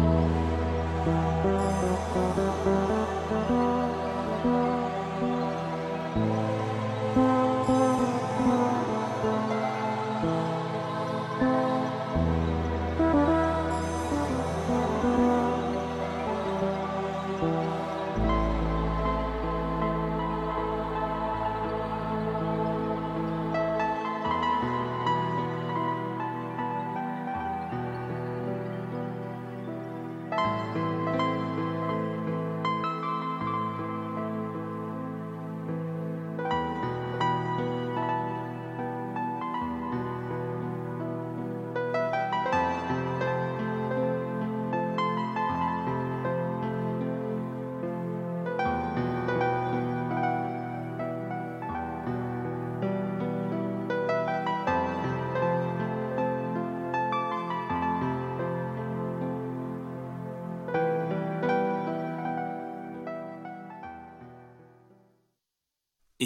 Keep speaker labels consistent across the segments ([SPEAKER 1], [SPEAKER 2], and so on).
[SPEAKER 1] Thank you.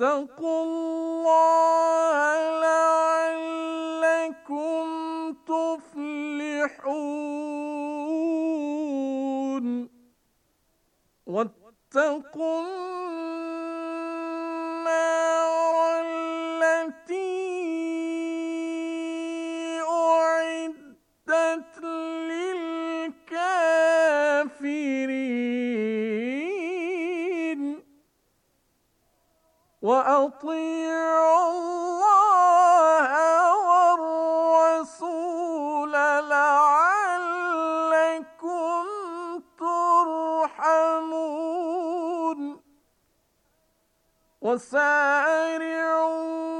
[SPEAKER 2] فاتقوا الله لعلكم تفلحون واتقوا وسارعوا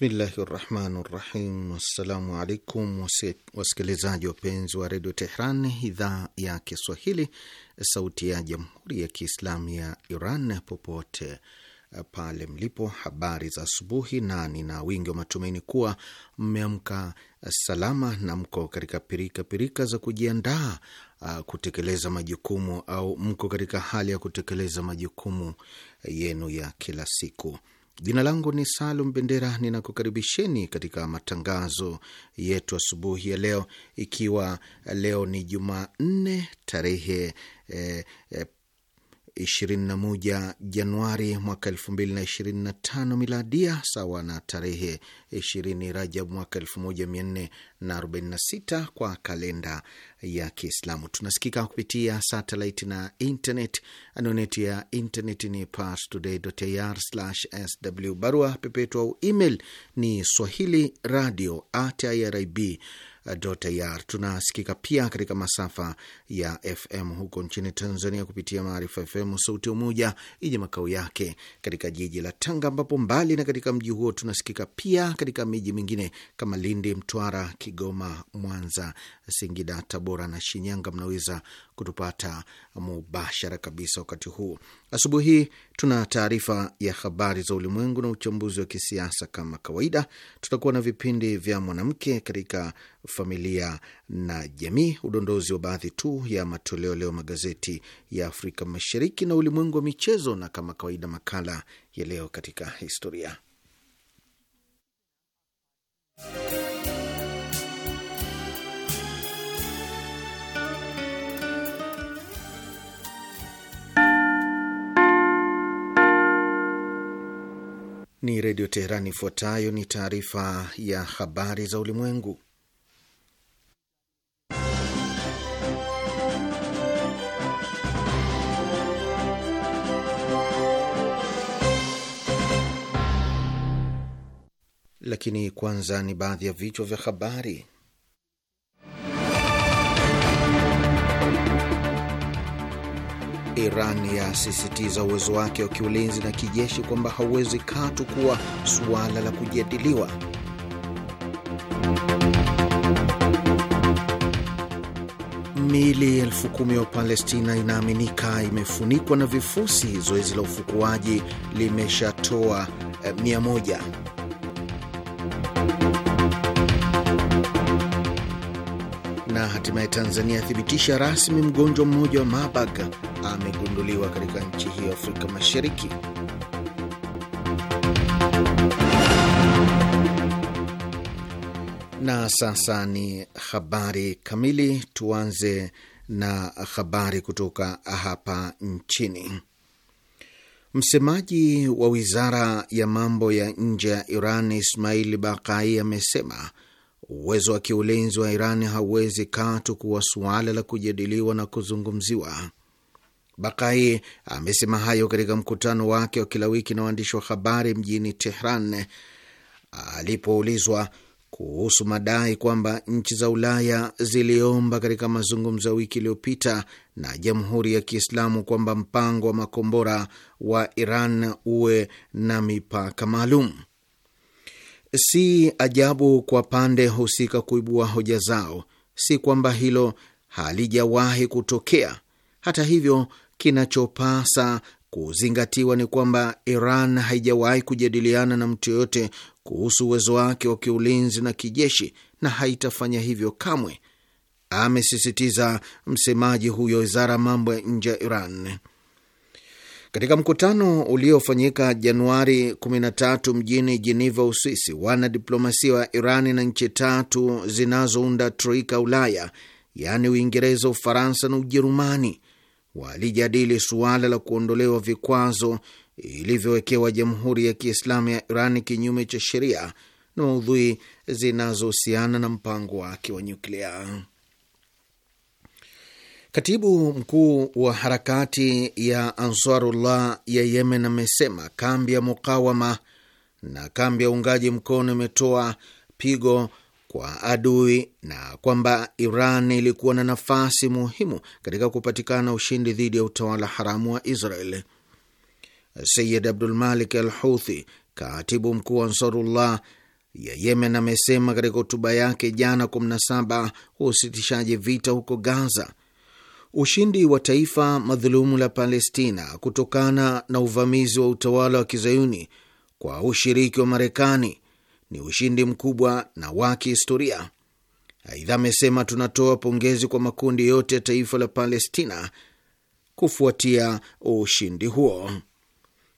[SPEAKER 3] Bismillahi rahmani rahim. Wassalamu alaikum wasikilizaji wapenzi wa redio Tehran, idhaa ya Kiswahili, sauti ya jamhuri ya kiislamu ya Iran, popote pale mlipo. Habari za asubuhi, na nina wingi wa matumaini kuwa mmeamka salama na mko katika pirika pirika za kujiandaa kutekeleza majukumu au mko katika hali ya kutekeleza majukumu yenu ya kila siku. Jina langu ni Salum Bendera, ninakukaribisheni katika matangazo yetu asubuhi ya leo, ikiwa leo ni Jumanne tarehe eh, eh, 21 Januari mwaka 2025 miladia, sawa na tarehe 20 Rajab mwaka 1446 kwa kalenda ya Kiislamu. Tunasikika kupitia satellite na internet. Anwani ya internet ni parstoday.ir/sw, barua pepe au email ni swahili radio radio@irib ir. Tunasikika pia katika masafa ya FM huko nchini Tanzania kupitia Maarifa FM Sauti Umoja yenye makao yake katika jiji la Tanga, ambapo mbali na katika mji huo tunasikika pia katika miji mingine kama Lindi, Mtwara, Kigoma, Mwanza, Singida, Tabora na Shinyanga. Mnaweza kutupata mubashara kabisa wakati huu. Asubuhi hii tuna taarifa ya habari za ulimwengu na uchambuzi wa kisiasa. Kama kawaida, tutakuwa na vipindi vya mwanamke katika familia na jamii, udondozi wa baadhi tu ya matoleo leo magazeti ya Afrika Mashariki na ulimwengu wa michezo, na kama kawaida makala ya leo katika historia. Ni Redio Teherani. Ifuatayo ni taarifa ya habari za ulimwengu, lakini kwanza ni baadhi ya vichwa vya habari. Iran yasisitiza uwezo wake wa kiulinzi na kijeshi kwamba hauwezi katu kuwa suala la kujadiliwa. Miili elfu kumi wa Palestina inaaminika imefunikwa na vifusi. Zoezi la ufukuaji limeshatoa eh, mia moja Na hatimaye Tanzania yathibitisha rasmi mgonjwa mmoja wa mabag amegunduliwa katika nchi hiyo Afrika Mashariki. Na sasa ni habari kamili. Tuanze na habari kutoka hapa nchini. Msemaji wa wizara ya mambo ya nje ya Iran Ismail Bakai amesema Uwezo wa kiulinzi wa Iran hauwezi katu kuwa suala la kujadiliwa na kuzungumziwa. Bakai amesema hayo katika mkutano wake wa kila wiki na waandishi wa habari mjini Tehran alipoulizwa kuhusu madai kwamba nchi za Ulaya ziliomba katika mazungumzo ya wiki iliyopita na Jamhuri ya Kiislamu kwamba mpango wa makombora wa Iran uwe na mipaka maalum. Si ajabu kwa pande husika kuibua hoja zao, si kwamba hilo halijawahi kutokea. Hata hivyo, kinachopasa kuzingatiwa ni kwamba Iran haijawahi kujadiliana na mtu yoyote kuhusu uwezo wake wa kiulinzi na kijeshi na haitafanya hivyo kamwe, amesisitiza msemaji huyo wizara ya mambo ya nje ya Iran. Katika mkutano uliofanyika Januari 13 mjini Jeneva, Uswisi, wanadiplomasia wa Irani na nchi tatu zinazounda troika Ulaya, yaani Uingereza, Ufaransa na Ujerumani, walijadili suala la kuondolewa vikwazo ilivyowekewa Jamhuri ya Kiislamu ya Irani kinyume cha sheria na maudhui zinazohusiana na mpango wake wa nyuklia. Katibu mkuu wa harakati ya Ansarullah ya Yemen amesema kambi ya mukawama na kambi ya uungaji mkono imetoa pigo kwa adui na kwamba Iran ilikuwa na nafasi muhimu katika kupatikana ushindi dhidi ya utawala haramu wa Israel. Sayid Abdul Malik al Houthi, katibu mkuu wa Ansarullah ya Yemen, amesema katika hotuba yake jana 17 wa usitishaji vita huko Gaza ushindi wa taifa madhulumu la Palestina kutokana na uvamizi wa utawala wa kizayuni kwa ushiriki wa Marekani ni ushindi mkubwa na wa kihistoria. Aidha amesema tunatoa pongezi kwa makundi yote ya taifa la Palestina kufuatia ushindi huo.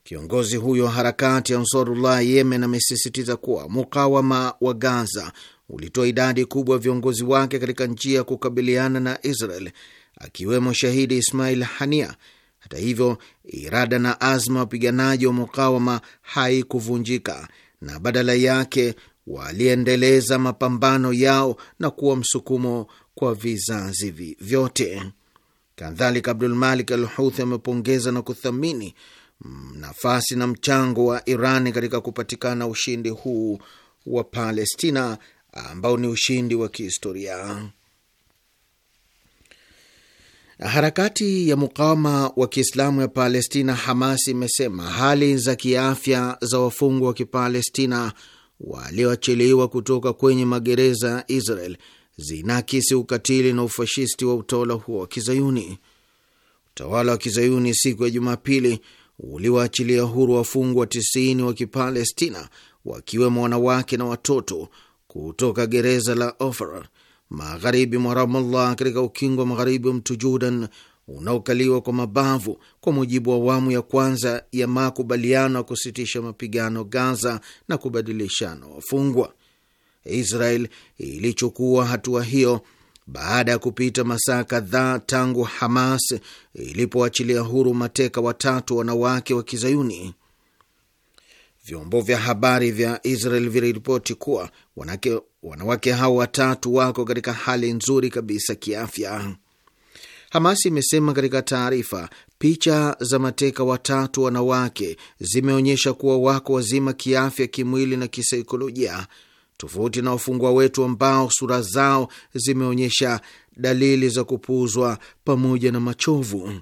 [SPEAKER 3] Kiongozi huyo wa harakati Ansarullah Yemen amesisitiza kuwa mukawama wa Gaza ulitoa idadi kubwa ya viongozi wake katika njia ya kukabiliana na Israel akiwemo shahidi Ismail Hania. Hata hivyo, irada na azma wapiganaji wa mukawama haikuvunjika na badala yake waliendeleza mapambano yao na kuwa msukumo kwa vizazi vyote. Kadhalika, Abdul Malik Al Huthi amepongeza na kuthamini nafasi na mchango wa Irani katika kupatikana ushindi huu wa Palestina ambao ni ushindi wa kihistoria. Harakati ya mukawama wa Kiislamu ya Palestina, Hamas, imesema hali za kiafya za wafungwa wa Kipalestina walioachiliwa kutoka kwenye magereza ya Israel zinaakisi ukatili na ufashisti wa utawala huo wa Kizayuni. Utawala wa Kizayuni siku ya Jumapili uliwaachilia huru wafungwa 90 wa Kipalestina, wakiwemo wanawake na watoto kutoka gereza la Ofra magharibi mwa Ramallah, katika ukingo wa magharibi wa mto Jordan unaokaliwa kwa mabavu kwa mujibu wa awamu ya kwanza ya makubaliano ya kusitisha mapigano Gaza na kubadilishana wafungwa. Israel ilichukua hatua hiyo baada ya kupita masaa kadhaa tangu Hamas ilipoachilia huru mateka watatu wanawake wa Kizayuni. Vyombo vya habari vya Israel viliripoti kuwa Wanawake hao watatu wako katika hali nzuri kabisa kiafya, Hamas imesema katika taarifa. Picha za mateka watatu wanawake zimeonyesha kuwa wako wazima kiafya, kimwili na kisaikolojia, tofauti na wafungwa wetu ambao sura zao zimeonyesha dalili za kupuuzwa pamoja na machovu.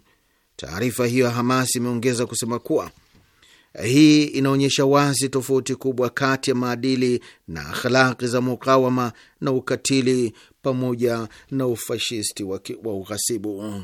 [SPEAKER 3] Taarifa hiyo ya Hamas imeongeza kusema kuwa hii inaonyesha wazi tofauti kubwa kati ya maadili na akhlaki za mukawama na ukatili pamoja na ufashisti wa ughasibu.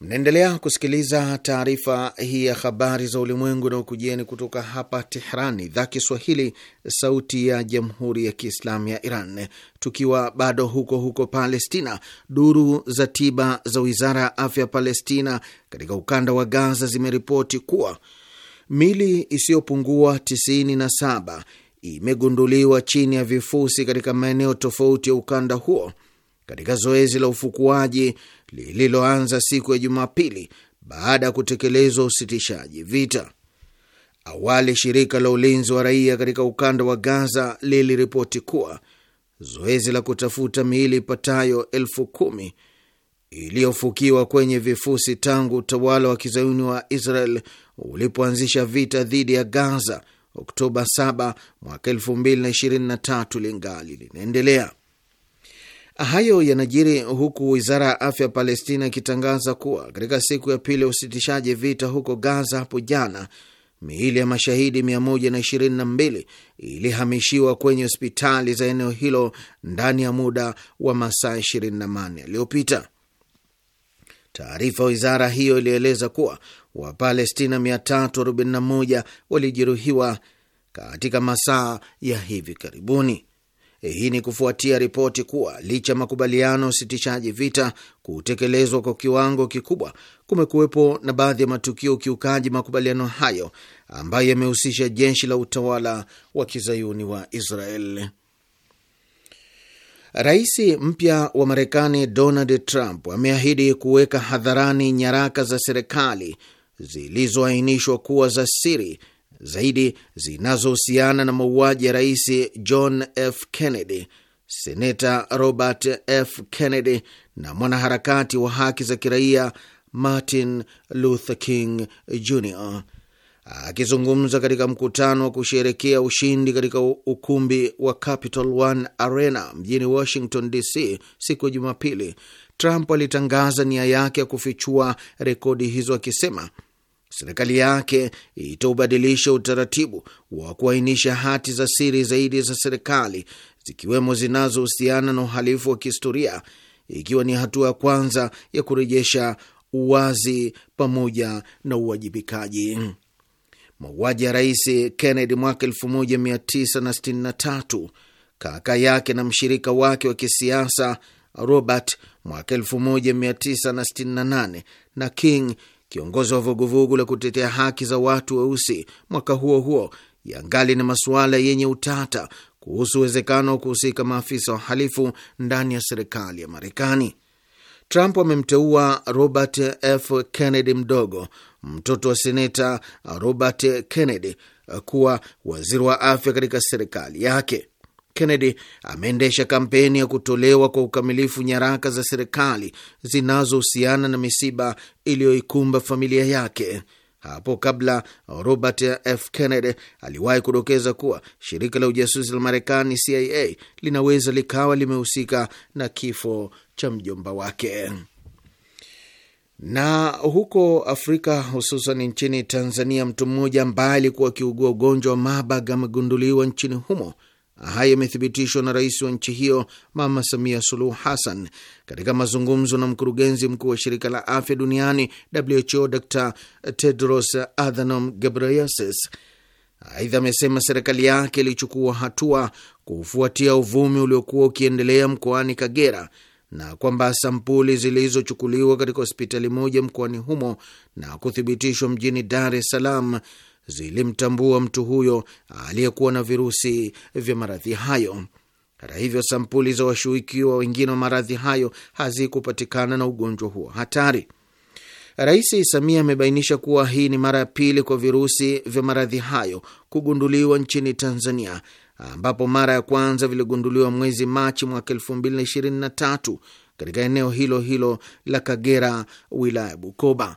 [SPEAKER 3] Mnaendelea kusikiliza taarifa hii ya habari za ulimwengu na ukujieni kutoka hapa Tehrani, idhaa Kiswahili, sauti ya jamhuri ya kiislamu ya Iran. Tukiwa bado huko huko Palestina, duru za tiba za wizara ya afya ya Palestina katika ukanda wa Gaza zimeripoti kuwa mili isiyopungua 97 imegunduliwa chini ya vifusi katika maeneo tofauti ya ukanda huo katika zoezi la ufukuaji lililoanza siku ya Jumapili baada ya kutekelezwa usitishaji vita. Awali shirika la ulinzi wa raia katika ukanda wa Gaza liliripoti kuwa zoezi la kutafuta miili ipatayo elfu kumi iliyofukiwa kwenye vifusi tangu utawala wa kizayuni wa Israel ulipoanzisha vita dhidi ya Gaza Oktoba 7 mwaka 2023 lingali linaendelea. Hayo yanajiri huku wizara ya afya ya Palestina ikitangaza kuwa katika siku ya pili ya usitishaji vita huko Gaza hapo jana, miili ya mashahidi 122 ilihamishiwa kwenye hospitali za eneo hilo ndani ya muda wa masaa 24 yaliyopita. Taarifa wizara hiyo ilieleza kuwa Wapalestina 341 walijeruhiwa katika masaa ya hivi karibuni. E, hii ni kufuatia ripoti kuwa licha ya makubaliano ya usitishaji vita kutekelezwa kwa kiwango kikubwa, kumekuwepo na baadhi ya matukio ukiukaji makubaliano hayo ambayo yamehusisha jeshi la utawala wa kizayuni wa Israel. Rais mpya wa Marekani Donald Trump ameahidi kuweka hadharani nyaraka za serikali zilizoainishwa kuwa za siri zaidi zinazohusiana na mauaji ya Rais John F Kennedy, Seneta Robert F Kennedy na mwanaharakati wa haki za kiraia Martin Luther King Jr. Akizungumza katika mkutano wa kusherekea ushindi katika ukumbi wa Capital One Arena mjini Washington DC siku ya Jumapili, Trump alitangaza nia yake ya kufichua rekodi hizo akisema serikali yake itaubadilisha utaratibu wa kuainisha hati za siri zaidi za serikali zikiwemo zinazohusiana na uhalifu wa kihistoria, ikiwa ni hatua ya kwanza ya kurejesha uwazi pamoja na uwajibikaji mauaji ya Rais Kennedy mwaka 1963, kaka yake na mshirika wake wa kisiasa Robert mwaka 1968, na King, kiongozi wa vuguvugu la kutetea haki za watu weusi mwaka huo huo, yangali ni masuala yenye utata kuhusu uwezekano wa kuhusika maafisa wa halifu ndani ya serikali ya Marekani. Trump amemteua Robert F. Kennedy mdogo, mtoto wa seneta Robert Kennedy, kuwa waziri wa afya katika serikali yake. Kennedy ameendesha kampeni ya kutolewa kwa ukamilifu nyaraka za serikali zinazohusiana na misiba iliyoikumba familia yake. Hapo kabla Robert F. Kennedy aliwahi kudokeza kuwa shirika la ujasusi la Marekani CIA linaweza likawa limehusika na kifo cha mjomba wake. Na huko Afrika hususan nchini Tanzania, mtu mmoja ambaye alikuwa akiugua ugonjwa wa Marburg amegunduliwa nchini humo Haya yamethibitishwa na rais wa nchi hiyo Mama Samia Suluhu Hassan katika mazungumzo na mkurugenzi mkuu wa shirika la afya duniani WHO Dr Tedros Adhanom Ghebreyesus. Aidha, amesema serikali yake ilichukua hatua kufuatia uvumi uliokuwa ukiendelea mkoani Kagera na kwamba sampuli zilizochukuliwa katika hospitali moja mkoani humo na kuthibitishwa mjini Dar es Salaam zilimtambua mtu huyo aliyekuwa na virusi vya maradhi hayo. Hata hivyo, sampuli za washuhikiwa wengine wa maradhi hayo hazikupatikana na ugonjwa huo hatari. Rais Samia amebainisha kuwa hii ni mara ya pili kwa virusi vya maradhi hayo kugunduliwa nchini Tanzania, ambapo mara ya kwanza viligunduliwa mwezi Machi mwaka 223 katika eneo hilo hilo la Kagera, wilaya Bukoba.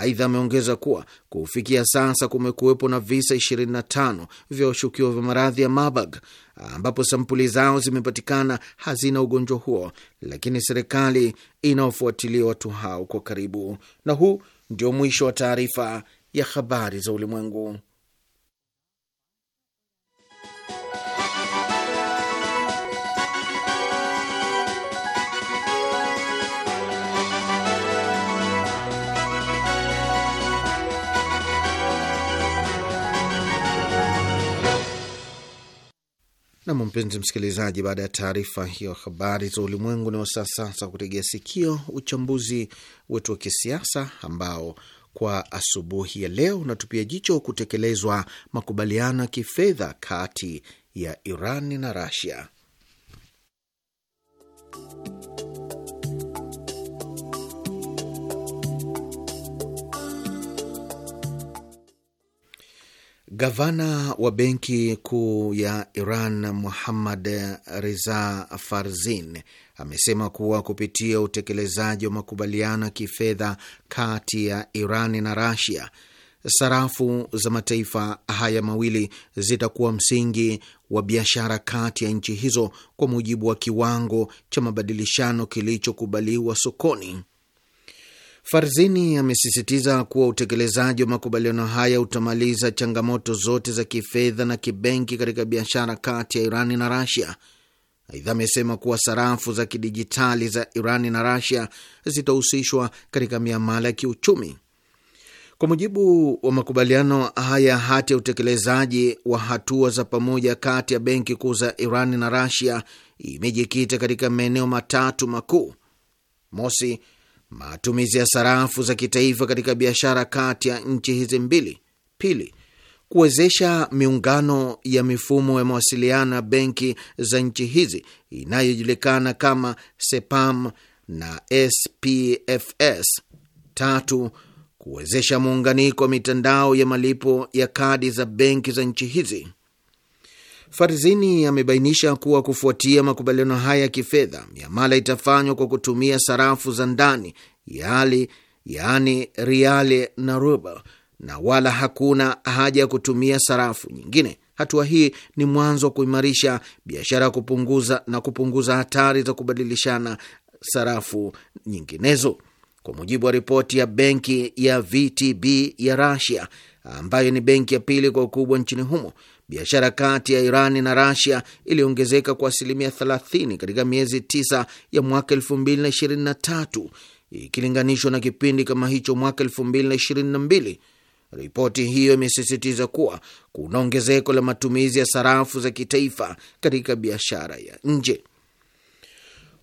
[SPEAKER 3] Aidha, ameongeza kuwa kufikia sasa kumekuwepo na visa 25 vya washukiwa vya maradhi ya Marburg ambapo sampuli zao zimepatikana hazina ugonjwa huo, lakini serikali inaofuatilia watu hao kwa karibu. Na huu ndio mwisho wa taarifa ya habari za ulimwengu. Nam, mpenzi msikilizaji, baada ya taarifa hiyo habari za ulimwengu, ni wasasa sasa kutegea sikio uchambuzi wetu wa kisiasa ambao kwa asubuhi ya leo unatupia jicho kutekelezwa makubaliano ya kifedha kati ya Iran na Rasia. Gavana wa benki kuu ya Iran Muhammad Reza Farzin amesema kuwa kupitia utekelezaji wa makubaliano ya kifedha kati ya Iran na Rasia, sarafu za mataifa haya mawili zitakuwa msingi wa biashara kati ya nchi hizo kwa mujibu wa kiwango cha mabadilishano kilichokubaliwa sokoni. Farzini amesisitiza kuwa utekelezaji wa makubaliano haya utamaliza changamoto zote za kifedha na kibenki katika biashara kati ya Irani na Rasia. Aidha, amesema kuwa sarafu za kidijitali za Irani na Rasia zitahusishwa katika miamala ya kiuchumi. Kwa mujibu wa makubaliano haya, hati ya utekelezaji wa hatua za pamoja kati ya benki kuu za Irani na Rasia imejikita katika maeneo matatu makuu: mosi matumizi ya sarafu za kitaifa katika biashara kati ya nchi hizi mbili. Pili, kuwezesha miungano ya mifumo ya mawasiliano ya benki za nchi hizi inayojulikana kama SEPAM na SPFS. Tatu, kuwezesha muunganiko wa mitandao ya malipo ya kadi za benki za nchi hizi. Farizini amebainisha kuwa kufuatia makubaliano haya ya kifedha, miamala itafanywa kwa kutumia sarafu za ndani yali, yaani riale na ruble, na wala hakuna haja ya kutumia sarafu nyingine. Hatua hii ni mwanzo wa kuimarisha biashara ya kupunguza na kupunguza hatari za kubadilishana sarafu nyinginezo. Kwa mujibu wa ripoti ya benki ya VTB ya Russia, ambayo ni benki ya pili kwa ukubwa nchini humo, biashara kati ya Irani na Rasia iliongezeka kwa asilimia 30 katika miezi 9 ya mwaka 2023 ikilinganishwa na kipindi kama hicho mwaka 2022. Ripoti hiyo imesisitiza kuwa kuna ongezeko la matumizi ya sarafu za kitaifa katika biashara ya nje.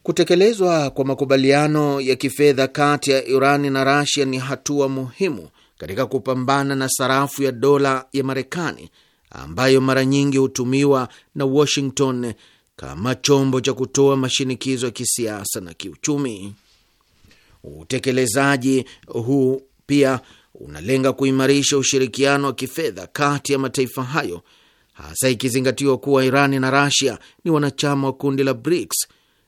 [SPEAKER 3] Kutekelezwa kwa makubaliano ya kifedha kati ya Irani na Rasia ni hatua muhimu katika kupambana na sarafu ya dola ya Marekani ambayo mara nyingi hutumiwa na Washington kama chombo cha kutoa mashinikizo ya kisiasa na kiuchumi. Utekelezaji huu pia unalenga kuimarisha ushirikiano wa kifedha kati ya mataifa hayo, hasa ikizingatiwa kuwa Irani na Rasia ni wanachama wa kundi la BRICS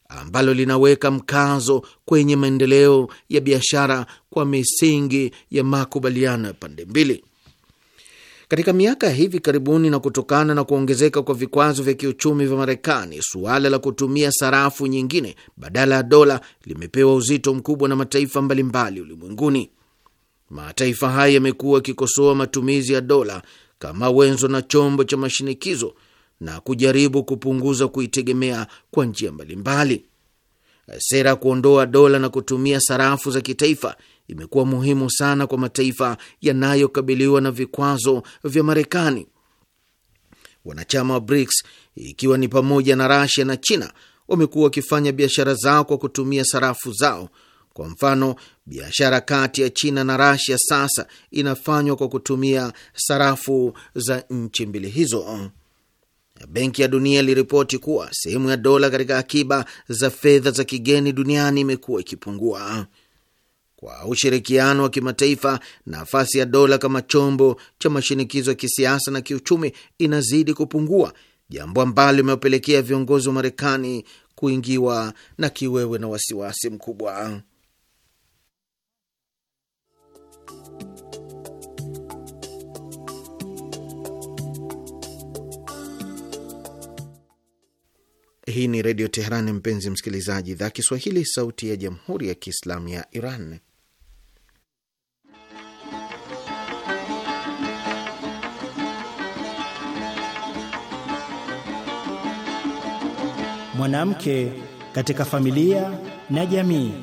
[SPEAKER 3] ambalo linaweka mkazo kwenye maendeleo ya biashara kwa misingi ya makubaliano ya pande mbili. Katika miaka ya hivi karibuni na kutokana na kuongezeka kwa vikwazo vya kiuchumi vya Marekani, suala la kutumia sarafu nyingine badala ya dola limepewa uzito mkubwa na mataifa mbalimbali ulimwenguni. Mataifa haya yamekuwa yakikosoa matumizi ya dola kama wenzo na chombo cha mashinikizo na kujaribu kupunguza kuitegemea kwa njia mbalimbali sera ya kuondoa dola na kutumia sarafu za kitaifa imekuwa muhimu sana kwa mataifa yanayokabiliwa na vikwazo vya Marekani. Wanachama wa BRICS ikiwa ni pamoja na rasia na China wamekuwa wakifanya biashara zao kwa kutumia sarafu zao. Kwa mfano, biashara kati ya China na rasia sasa inafanywa kwa kutumia sarafu za nchi mbili hizo. Benki ya Dunia iliripoti kuwa sehemu ya dola katika akiba za fedha za kigeni duniani imekuwa ikipungua. Kwa ushirikiano wa kimataifa, nafasi ya dola kama chombo cha mashinikizo ya kisiasa na kiuchumi inazidi kupungua, jambo ambalo limepelekea viongozi wa Marekani kuingiwa na kiwewe na wasiwasi mkubwa. Hii ni Redio Teheran, mpenzi msikilizaji, idhaa Kiswahili, sauti ya Jamhuri ya Kiislamu ya Iran.
[SPEAKER 4] Mwanamke katika familia na jamii.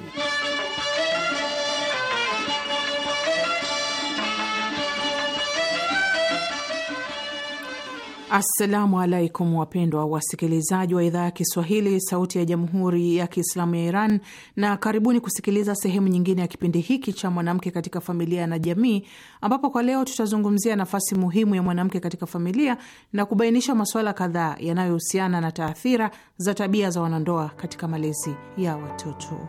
[SPEAKER 5] Assalamu alaikum wapendwa wasikilizaji wa idhaa ya Kiswahili sauti ya jamhuri ya Kiislamu ya Iran, na karibuni kusikiliza sehemu nyingine ya kipindi hiki cha mwanamke katika familia na jamii, ambapo kwa leo tutazungumzia nafasi muhimu ya mwanamke katika familia na kubainisha masuala kadhaa yanayohusiana na taathira za tabia za wanandoa katika malezi ya watoto.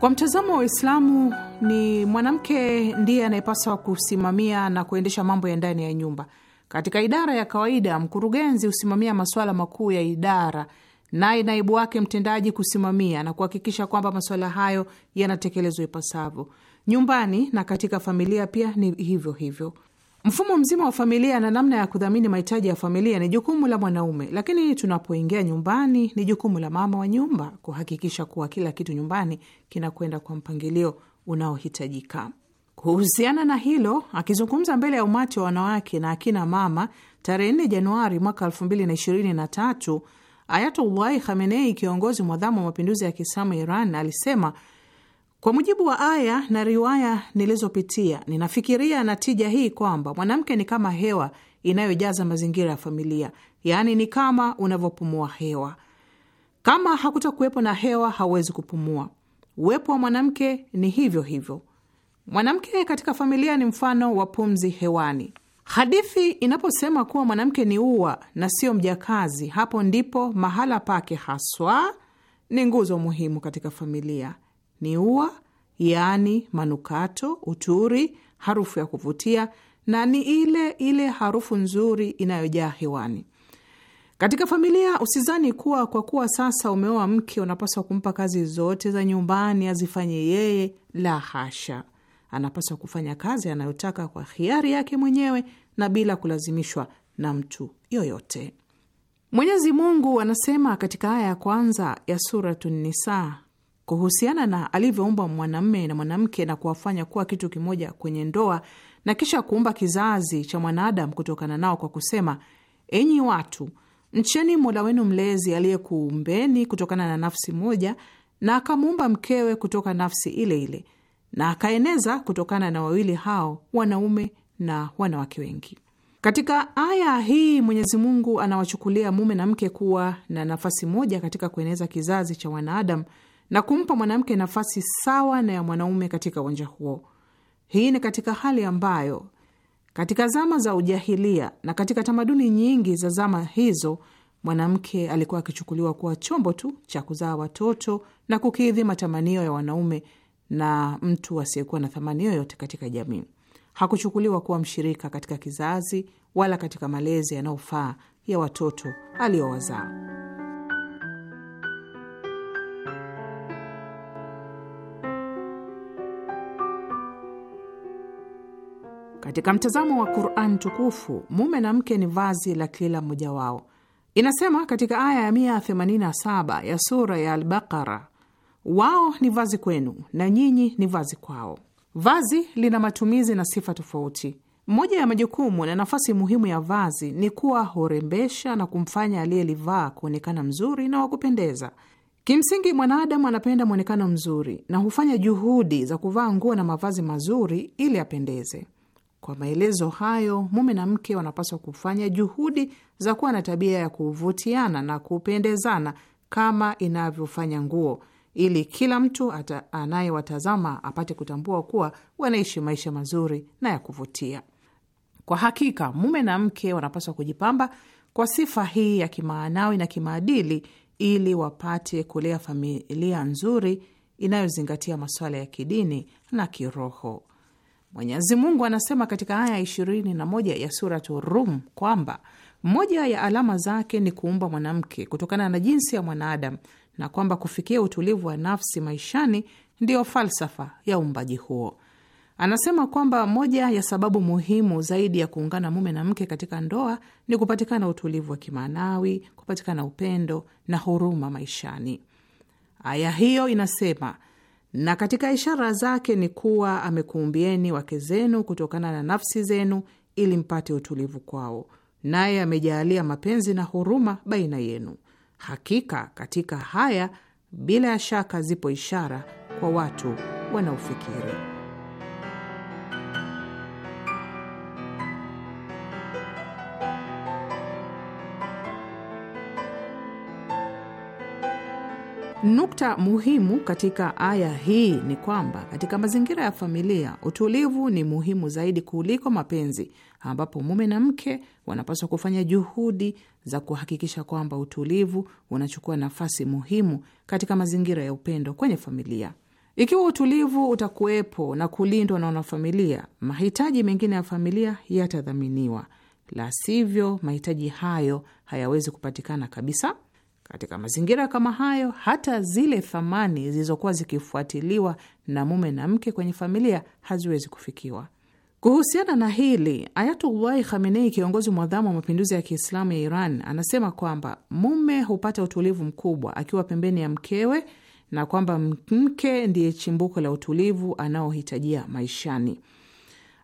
[SPEAKER 5] Kwa mtazamo wa Uislamu, ni mwanamke ndiye anayepaswa kusimamia na kuendesha mambo ya ndani ya nyumba. Katika idara ya kawaida, mkurugenzi husimamia masuala makuu ya idara, naye naibu wake mtendaji kusimamia na kuhakikisha kwamba masuala hayo yanatekelezwa ipasavyo. Nyumbani na katika familia pia ni hivyo hivyo. Mfumo mzima wa familia na namna ya kudhamini mahitaji ya familia ni jukumu la mwanaume, lakini tunapoingia nyumbani ni jukumu la mama wa nyumba kuhakikisha kuwa kila kitu nyumbani kinakwenda kwa mpangilio unaohitajika. Kuhusiana na hilo, akizungumza mbele ya umati wa wanawake na akina mama tarehe 4 Januari mwaka 2023, Ayatullahi Khamenei, kiongozi mwadhamu wa mapinduzi ya Kiislamu Iran, alisema kwa mujibu wa aya na riwaya nilizopitia, ninafikiria natija hii kwamba mwanamke ni kama hewa inayojaza mazingira ya familia, yaani ni kama unavyopumua hewa. Kama hakuta kuwepo na hewa, hauwezi kupumua. Uwepo wa mwanamke ni hivyo hivyo. Mwanamke katika familia ni mfano wa pumzi hewani. Hadithi inaposema kuwa mwanamke ni ua na sio mjakazi, hapo ndipo mahala pake haswa ni nguzo muhimu katika familia ni ua, yaani manukato, uturi, harufu ya kuvutia na ni ile ile harufu nzuri inayojaa hewani. Katika familia, usizani kuwa kwa kuwa sasa umeoa mke unapaswa kumpa kazi zote za nyumbani azifanye yeye. La hasha, anapaswa kufanya kazi anayotaka kwa hiari yake mwenyewe na bila kulazimishwa na mtu yoyote. Mwenyezi Mungu anasema katika aya ya kwanza ya Suratun kuhusiana na alivyoumba mwanamme na mwanamke na kuwafanya kuwa kitu kimoja kwenye ndoa na kisha kuumba kizazi cha mwanadamu kutokana nao kwa kusema: enyi watu, mcheni Mola wenu mlezi aliyekuumbeni kutokana na nafsi moja, na akamuumba mkewe kutoka nafsi ile ile, na akaeneza kutokana na wawili hao wanaume na wanawake wengi. Katika aya hii Mwenyezi Mungu anawachukulia mume na mke kuwa na nafasi moja katika kueneza kizazi cha wanadamu na kumpa mwanamke nafasi sawa na ya mwanaume katika uwanja huo. Hii ni katika hali ambayo katika zama za ujahilia na katika tamaduni nyingi za zama hizo mwanamke alikuwa akichukuliwa kuwa chombo tu cha kuzaa watoto na kukidhi matamanio ya wanaume na mtu asiyekuwa na thamani yoyote katika jamii. Hakuchukuliwa kuwa mshirika katika kizazi wala katika malezi yanayofaa ya watoto aliyowazaa. Katika mtazamo wa Quran tukufu, mume na mke ni vazi la kila mmoja wao. Inasema katika aya ya 187 ya sura ya Albaqara, wao ni vazi kwenu na nyinyi ni vazi kwao. Vazi lina matumizi na sifa tofauti. Moja ya majukumu na nafasi muhimu ya vazi ni kuwa hurembesha na kumfanya aliyelivaa kuonekana mzuri na wa kupendeza. Kimsingi, mwanadamu anapenda mwonekano mzuri na hufanya juhudi za kuvaa nguo na mavazi mazuri ili apendeze. Kwa maelezo hayo, mume na mke wanapaswa kufanya juhudi za kuwa na tabia ya kuvutiana na kupendezana kama inavyofanya nguo, ili kila mtu anayewatazama apate kutambua kuwa wanaishi maisha mazuri na ya kuvutia. Kwa hakika, mume na mke wanapaswa kujipamba kwa sifa hii ya kimaanawi na kimaadili ili wapate kulea familia nzuri inayozingatia masuala ya kidini na kiroho. Mwenyezi Mungu anasema katika aya 21 ya Suratu Rum kwamba moja ya alama zake ni kuumba mwanamke kutokana na jinsi ya mwanadamu na kwamba kufikia utulivu wa nafsi maishani ndiyo falsafa ya uumbaji huo. Anasema kwamba moja ya sababu muhimu zaidi ya kuungana mume na mke katika ndoa ni kupatikana utulivu wa kimaanawi, kupatikana upendo na huruma maishani. Aya hiyo inasema na katika ishara zake ni kuwa amekuumbieni wake zenu kutokana na nafsi zenu ili mpate utulivu kwao, naye amejaalia mapenzi na huruma baina yenu. Hakika katika haya bila ya shaka zipo ishara kwa watu wanaofikiri. Nukta muhimu katika aya hii ni kwamba katika mazingira ya familia utulivu ni muhimu zaidi kuliko mapenzi, ambapo mume na mke wanapaswa kufanya juhudi za kuhakikisha kwamba utulivu unachukua nafasi muhimu katika mazingira ya upendo kwenye familia. Ikiwa utulivu utakuwepo na kulindwa na wanafamilia, mahitaji mengine ya familia yatadhaminiwa, la sivyo mahitaji hayo hayawezi kupatikana kabisa. Katika mazingira kama hayo, hata zile thamani zilizokuwa zikifuatiliwa na mume na mke kwenye familia haziwezi kufikiwa. Kuhusiana na hili, Ayatullahi Khamenei, kiongozi mwadhamu wa mapinduzi ya Kiislamu ya Iran, anasema kwamba mume hupata utulivu mkubwa akiwa pembeni ya mkewe na kwamba mke ndiye chimbuko la utulivu anaohitajia maishani.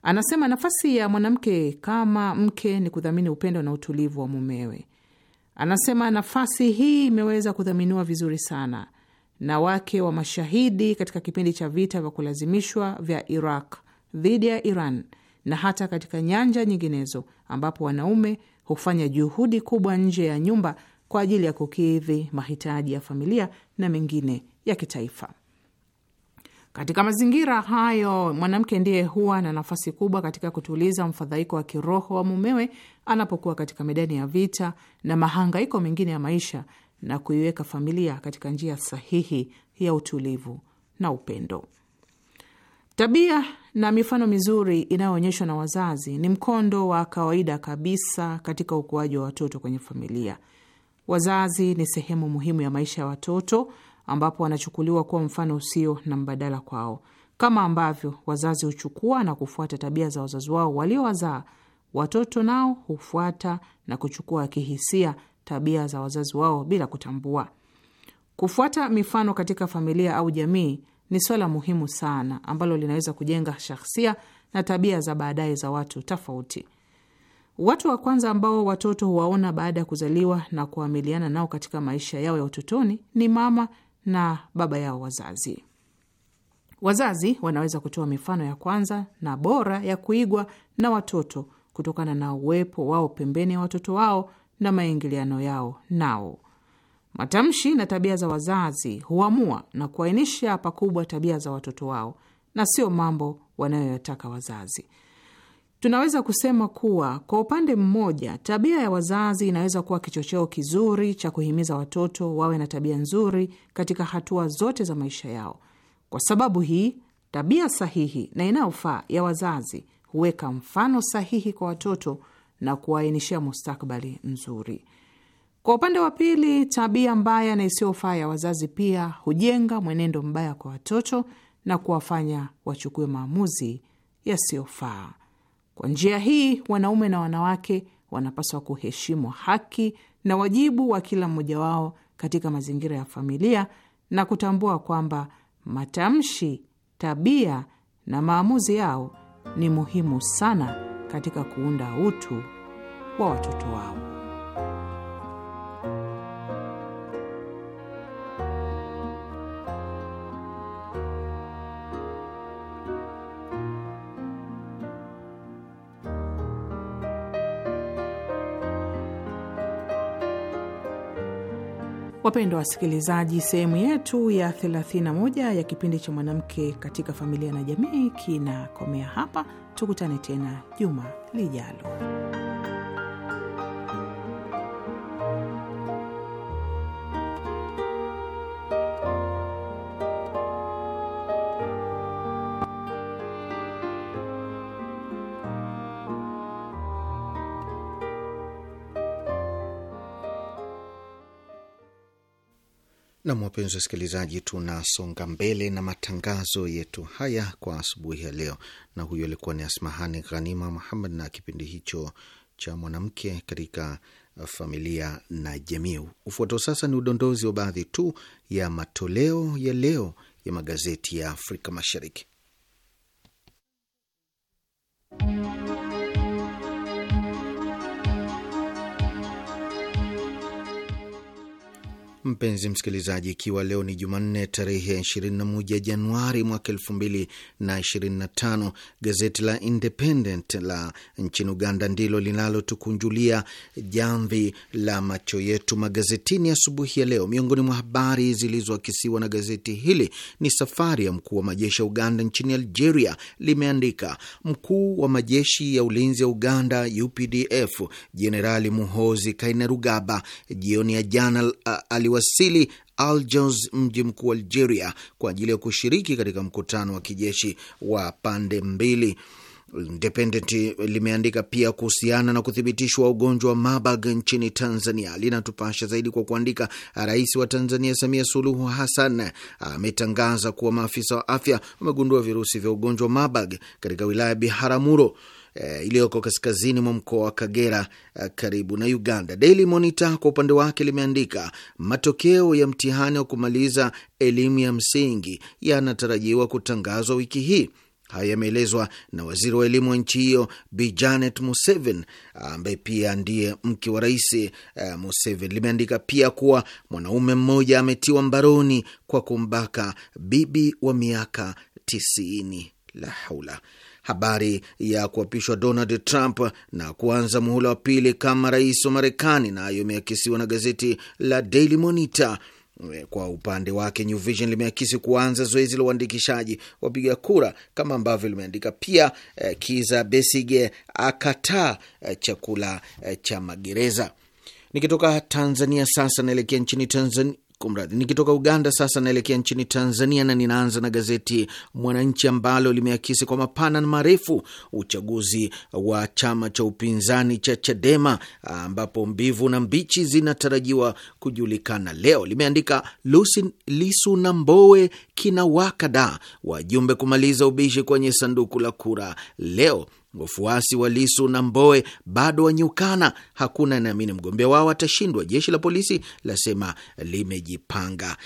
[SPEAKER 5] Anasema nafasi ya mwanamke kama mke ni kudhamini upendo na utulivu wa mumewe. Anasema nafasi hii imeweza kudhaminiwa vizuri sana na wake wa mashahidi katika kipindi cha vita vya kulazimishwa vya Iraq dhidi ya Iran na hata katika nyanja nyinginezo ambapo wanaume hufanya juhudi kubwa nje ya nyumba kwa ajili ya kukidhi mahitaji ya familia na mengine ya kitaifa. Katika mazingira hayo, mwanamke ndiye huwa na nafasi kubwa katika kutuliza mfadhaiko wa kiroho wa mumewe anapokuwa katika medani ya vita na mahangaiko mengine ya maisha na kuiweka familia katika njia sahihi ya utulivu na upendo. Tabia na mifano mizuri inayoonyeshwa na wazazi ni mkondo wa kawaida kabisa katika ukuaji wa watoto kwenye familia. Wazazi ni sehemu muhimu ya maisha ya watoto ambapo wanachukuliwa kuwa mfano usio na mbadala kwao. Kama ambavyo wazazi huchukua na kufuata tabia za wazazi wao waliowazaa, watoto nao hufuata na kuchukua kihisia tabia za wazazi wao bila kutambua. Kufuata mifano katika familia au jamii ni swala muhimu sana ambalo linaweza kujenga shahsia na tabia za baadaye za watu tofauti. Watu wa kwanza ambao watoto huwaona baada ya kuzaliwa na kuamiliana nao katika maisha yao ya utotoni ni mama na baba yao wazazi. Wazazi wanaweza kutoa mifano ya kwanza na bora ya kuigwa na watoto kutokana na uwepo wao pembeni ya watoto wao na maingiliano yao nao. Matamshi na tabia za wazazi huamua na kuainisha pakubwa tabia za watoto wao na sio mambo wanayoyataka wazazi. Tunaweza kusema kuwa kwa upande mmoja, tabia ya wazazi inaweza kuwa kichocheo kizuri cha kuhimiza watoto wawe na tabia nzuri katika hatua zote za maisha yao. Kwa sababu hii, tabia sahihi na inayofaa ya wazazi huweka mfano sahihi kwa watoto na kuwaainishia mustakabali mzuri. Kwa upande wa pili, tabia mbaya na isiyofaa ya wazazi pia hujenga mwenendo mbaya kwa watoto na kuwafanya wachukue maamuzi yasiyofaa. Kwa njia hii, wanaume na wanawake wanapaswa kuheshimu haki na wajibu wa kila mmoja wao katika mazingira ya familia na kutambua kwamba matamshi, tabia na maamuzi yao ni muhimu sana katika kuunda utu wa watoto wao. Wapendwa wasikilizaji, sehemu yetu ya 31 ya kipindi cha mwanamke katika familia na jamii kinakomea hapa. Tukutane tena juma lijalo.
[SPEAKER 3] Nam, wapenzi wasikilizaji, tunasonga mbele na matangazo yetu haya kwa asubuhi ya leo, na huyo alikuwa ni Asmahani Ghanima Muhammad na kipindi hicho cha mwanamke katika familia na jamii. Ufuatao sasa ni udondozi wa baadhi tu ya matoleo ya leo ya magazeti ya Afrika Mashariki. Mpenzi msikilizaji, ikiwa leo ni Jumanne tarehe 21 Januari mwaka 2025, gazeti la Independent la nchini Uganda ndilo linalotukunjulia jamvi la macho yetu magazetini asubuhi ya, ya leo. Miongoni mwa habari zilizoakisiwa na gazeti hili ni safari ya mkuu wa majeshi ya Uganda nchini Algeria. Limeandika mkuu wa majeshi ya ulinzi ya Uganda UPDF Jenerali Muhozi Kainerugaba jioni ya jana aliwasili Algiers, mji mkuu wa Algeria, kwa ajili ya kushiriki katika mkutano wa kijeshi wa pande mbili. Independent limeandika pia kuhusiana na kuthibitishwa ugonjwa wa Marburg nchini Tanzania. Linatupasha zaidi kwa kuandika, Rais wa Tanzania Samia Suluhu Hassan ametangaza kuwa maafisa wa afya wamegundua virusi vya ugonjwa wa Marburg katika wilaya ya Biharamulo eh, iliyoko kaskazini mwa mkoa wa Kagera eh, karibu na Uganda. Daily Monitor kwa upande wake limeandika matokeo ya mtihani wa kumaliza elimu ya msingi yanatarajiwa kutangazwa wiki hii. Haya yameelezwa na waziri wa elimu wa nchi hiyo Bi Janet Museveni, ambaye pia ndiye mke wa rais uh, Museveni. Limeandika pia kuwa mwanaume mmoja ametiwa mbaroni kwa kumbaka bibi wa miaka tisini. La haula! Habari ya kuapishwa Donald Trump na kuanza muhula wa pili kama rais wa Marekani nayo imeakisiwa na gazeti la Daily Monitor. Eh, kwa upande wake New Vision limeakisi kuanza zoezi la uandikishaji wapiga kura kama ambavyo limeandika pia. Eh, Kiza Besige akataa eh, chakula eh, cha magereza. Nikitoka Tanzania sasa naelekea nchini Tanzania, Kumradhi, nikitoka Uganda sasa naelekea nchini Tanzania na ninaanza na gazeti Mwananchi ambalo limeakisi kwa mapana na marefu uchaguzi wa chama cha upinzani cha Chadema ambapo mbivu na mbichi zinatarajiwa kujulikana leo. Limeandika Lucy Lisu na Mbowe kina wakada wajumbe kumaliza ubishi kwenye sanduku la kura leo Wafuasi wa Lisu na Mboe bado wanyukana, hakuna anaamini mgombea wao atashindwa. Jeshi la polisi lasema limejipanga.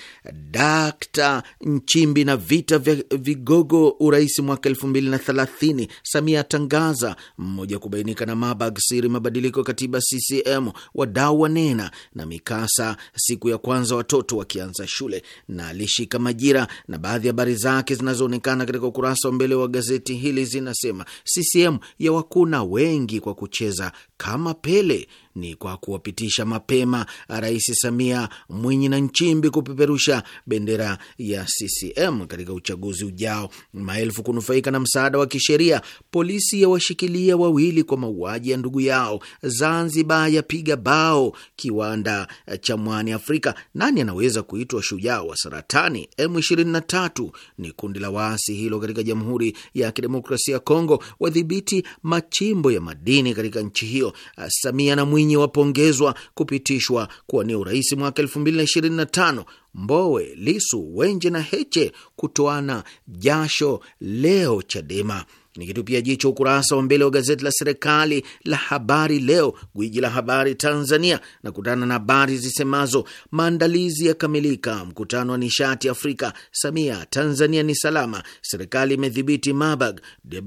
[SPEAKER 3] Dakta Nchimbi na vita vya vigogo urais mwaka elfu mbili na thelathini. Samia atangaza mmoja kubainika na Mabag siri mabadiliko katiba CCM, wadau wanena na mikasa siku ya kwanza watoto wakianza shule. Na alishika Majira na baadhi ya habari zake zinazoonekana katika ukurasa wa mbele wa gazeti hili zinasema CCM ya wakuna wengi kwa kucheza kama Pele ni kwa kuwapitisha mapema Rais Samia, Mwinyi na Nchimbi kupeperusha bendera ya CCM katika uchaguzi ujao. Maelfu kunufaika na msaada wa kisheria. Polisi yawashikilia wawili kwa mauaji ya ndugu yao. Zanzibar yapiga bao kiwanda cha mwani Afrika. Nani anaweza kuitwa shujaa wa saratani? M23 ni kundi la waasi hilo katika Jamhuri ya Kidemokrasia ya Kongo, wadhibiti machimbo ya madini katika nchi hiyo. Uh, Samia na Mwinyi wapongezwa kupitishwa kuwania urais mwaka tano. Mbowe, Lisu, Wenje na Heche kutoana jasho leo Chadema. Nikitupia jicho ukurasa wa mbele wa gazeti la serikali la Habari Leo, gwiji la habari Tanzania, na kutana na habari zisemazo maandalizi yakamilika, mkutano wa nishati Afrika, Samia, Tanzania ni salama, serikali imedhibiti mabag,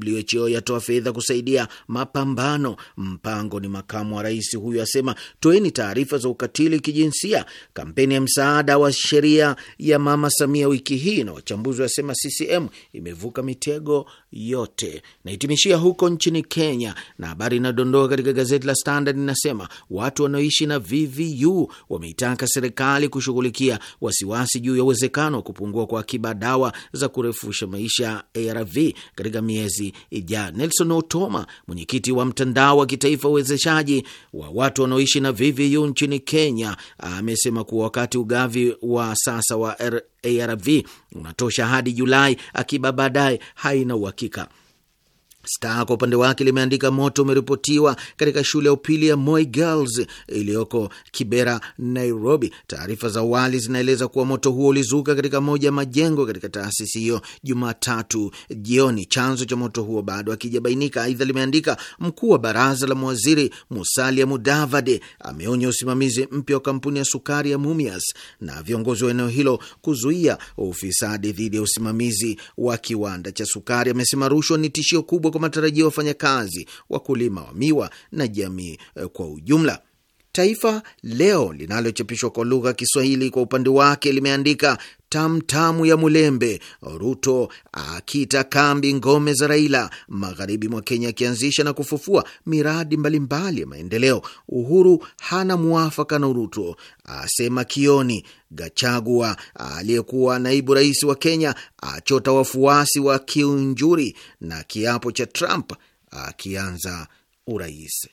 [SPEAKER 3] WHO yatoa fedha kusaidia mapambano, mpango ni makamu wa rais huyu asema toeni taarifa za ukatili kijinsia, kampeni ya msaada wa sheria ya Mama Samia wiki hii, na wachambuzi wasema CCM imevuka mitego yote. Nahitimishia huko nchini Kenya, na habari inayodondoka katika gazeti la Standard inasema watu wanaoishi na VVU wameitaka serikali kushughulikia wasiwasi juu ya uwezekano wa kupungua kwa akiba dawa za kurefusha maisha ARV katika miezi ijayo. Nelson Otoma, mwenyekiti wa mtandao wa kitaifa uwezeshaji wa watu wanaoishi na VVU nchini Kenya, amesema kuwa wakati ugavi wa sasa wa ARV unatosha hadi Julai, akiba baadaye haina uhakika. Star kwa upande wake limeandika moto umeripotiwa katika shule ya upili ya Moi Girls iliyoko Kibera, Nairobi. Taarifa za awali zinaeleza kuwa moto huo ulizuka katika moja ya majengo katika taasisi hiyo Jumatatu jioni. Chanzo cha moto huo bado hakijabainika. Aidha limeandika mkuu wa baraza la mawaziri Musalia Mudavade ameonya usimamizi mpya wa kampuni ya sukari ya Mumias na viongozi wa eneo hilo kuzuia ufisadi dhidi ya usimamizi wa kiwanda cha sukari. Amesema rushwa ni tishio kubwa kwa matarajio ya wafanyakazi, wakulima wa miwa na jamii eh, kwa ujumla. Taifa Leo linalochapishwa kwa lugha ya Kiswahili kwa upande wake limeandika tamtamu ya Mulembe, Ruto akita kambi ngome za Raila magharibi mwa Kenya, akianzisha na kufufua miradi mbalimbali ya maendeleo. Uhuru hana mwafaka na Ruto, asema Kioni. Gachagua aliyekuwa naibu rais wa Kenya achota wafuasi wa Kiunjuri, na kiapo cha Trump akianza urais.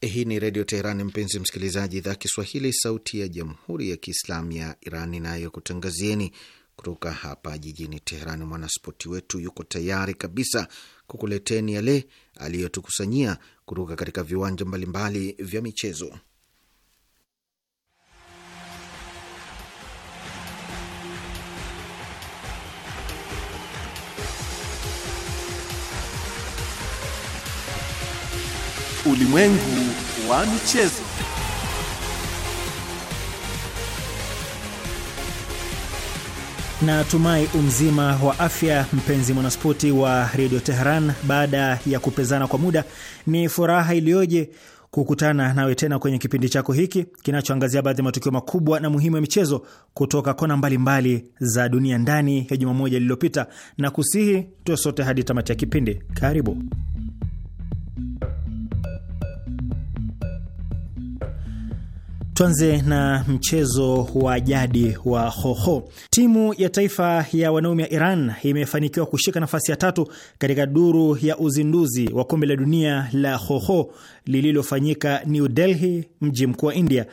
[SPEAKER 3] Hii ni Redio Teherani, mpenzi msikilizaji, idhaa Kiswahili, sauti ya jamhuri ya kiislamu ya Iran inayokutangazieni kutoka hapa jijini teheran Mwanaspoti wetu yuko tayari kabisa kukuleteni yale aliyotukusanyia kutoka katika viwanja mbalimbali vya michezo.
[SPEAKER 6] Ulimwengu wa michezo.
[SPEAKER 4] Natumai umzima wa afya mpenzi mwanaspoti wa redio Teheran. Baada ya kupezana kwa muda, ni furaha iliyoje kukutana nawe tena kwenye kipindi chako hiki kinachoangazia baadhi ya matukio makubwa na muhimu ya michezo kutoka kona mbalimbali mbali za dunia ndani ya juma moja lililopita, na kusihi tuwe sote hadi tamati ya kipindi. Karibu. Tuanze na mchezo wa jadi wa hoho. Timu ya taifa ya wanaume ya Iran imefanikiwa kushika nafasi ya tatu katika duru ya uzinduzi wa kombe la dunia la hoho lililofanyika New Delhi, mji mkuu wa India.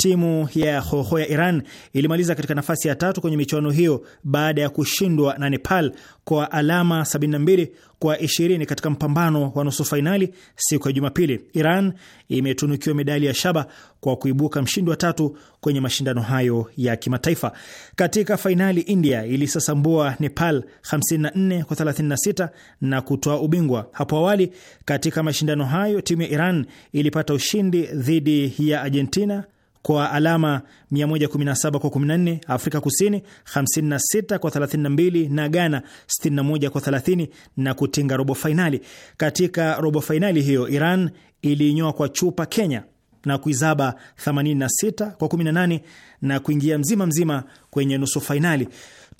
[SPEAKER 4] Timu ya Hoho ya Iran ilimaliza katika nafasi ya tatu kwenye michuano hiyo baada ya kushindwa na Nepal kwa alama 72 kwa 20 katika mpambano wa nusu fainali siku ya Jumapili. Iran imetunukiwa medali ya shaba kwa kuibuka mshindi wa tatu kwenye mashindano hayo ya kimataifa. Katika fainali, India ilisasambua Nepal 54 kwa 36 na kutoa ubingwa. Hapo awali katika mashindano hayo timu ya Iran ilipata ushindi dhidi ya Argentina kwa alama 117 kwa 14, Afrika Kusini 56 kwa 32 na Ghana 61 kwa 30 na kutinga robo fainali. Katika robo fainali hiyo Iran iliinyoa kwa chupa Kenya na kuizaba 86 kwa 18 na kuingia mzima mzima kwenye nusu fainali.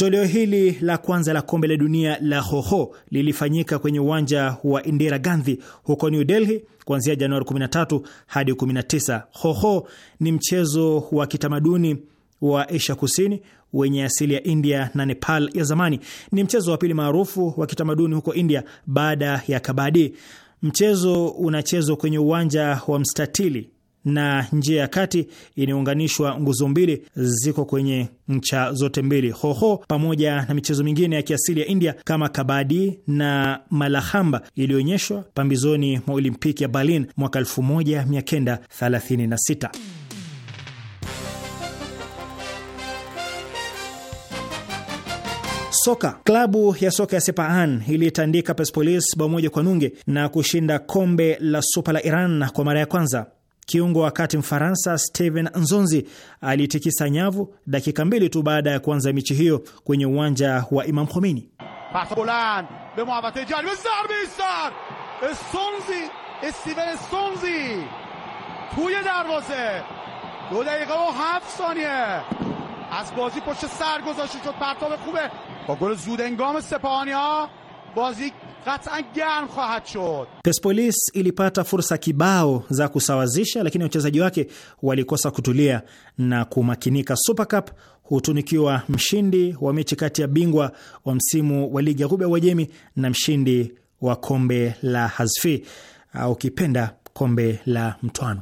[SPEAKER 4] Toleo hili la kwanza la kombe la dunia la hoho lilifanyika kwenye uwanja wa Indira Gandhi huko New Delhi kuanzia Januari 13 hadi 19. Hoho ni mchezo wa kitamaduni wa Asia Kusini wenye asili ya India na Nepal ya zamani. Ni mchezo wa pili maarufu wa kitamaduni huko India baada ya kabadi. Mchezo unachezwa kwenye uwanja wa mstatili na njia ya kati inayounganishwa nguzo mbili ziko kwenye ncha zote mbili. Hoho pamoja na michezo mingine ya kiasili ya India kama kabadi na malahamba iliyoonyeshwa pambizoni mwa Olimpiki ya Berlin mwaka 1936. Soka. Klabu ya soka ya Sepahan ilitandika Persepolis bao moja kwa nunge na kushinda kombe la supa la Iran kwa mara ya kwanza. kiungo wa kati Mfaransa Steven Nzonzi alitikisa nyavu dakika mbili tu baada ya kuanza michi hiyo kwenye uwanja wa Imam Khomeini.
[SPEAKER 3] از بازی پشت سر گذاشته شد پرتاب خوبه با گل زود انگام سپانیا بازی قطعا گرم خواهد شد
[SPEAKER 4] پرسپولیس ilipata fursa kibao za kusawazisha lakini wachezaji wake walikosa kutulia na kumakinika Super Cup hutunikiwa mshindi wa mechi kati ya bingwa wa msimu wa ligi ya Ghuba ya Uajemi na mshindi wa kombe la Hazfi au kombe la mtwano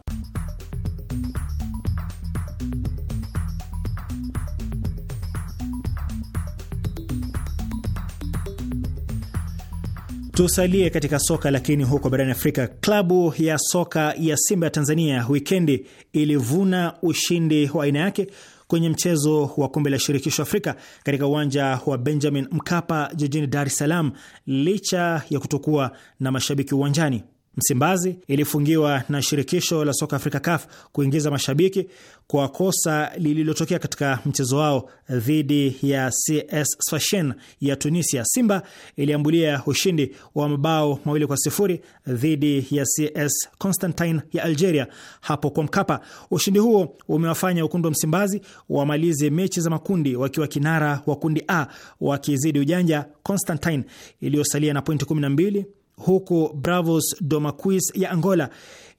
[SPEAKER 4] Tusalie katika soka lakini huko barani Afrika, klabu ya soka ya Simba ya Tanzania wikendi ilivuna ushindi wa aina yake kwenye mchezo wa kombe la shirikisho Afrika katika uwanja wa Benjamin Mkapa jijini Dar es Salaam licha ya kutokuwa na mashabiki uwanjani. Msimbazi ilifungiwa na shirikisho la soka Afrika CAF kuingiza mashabiki kwa kosa lililotokea katika mchezo wao dhidi ya CS Sfaxien ya Tunisia. Simba iliambulia ushindi wa mabao mawili kwa sifuri dhidi ya CS Constantine ya Algeria hapo kwa Mkapa. Ushindi huo umewafanya wekundu wa Msimbazi wamalize mechi za makundi wakiwa kinara wa kundi A wakizidi ujanja Constantine iliyosalia na pointi 12 huku Bravos Domaquis ya Angola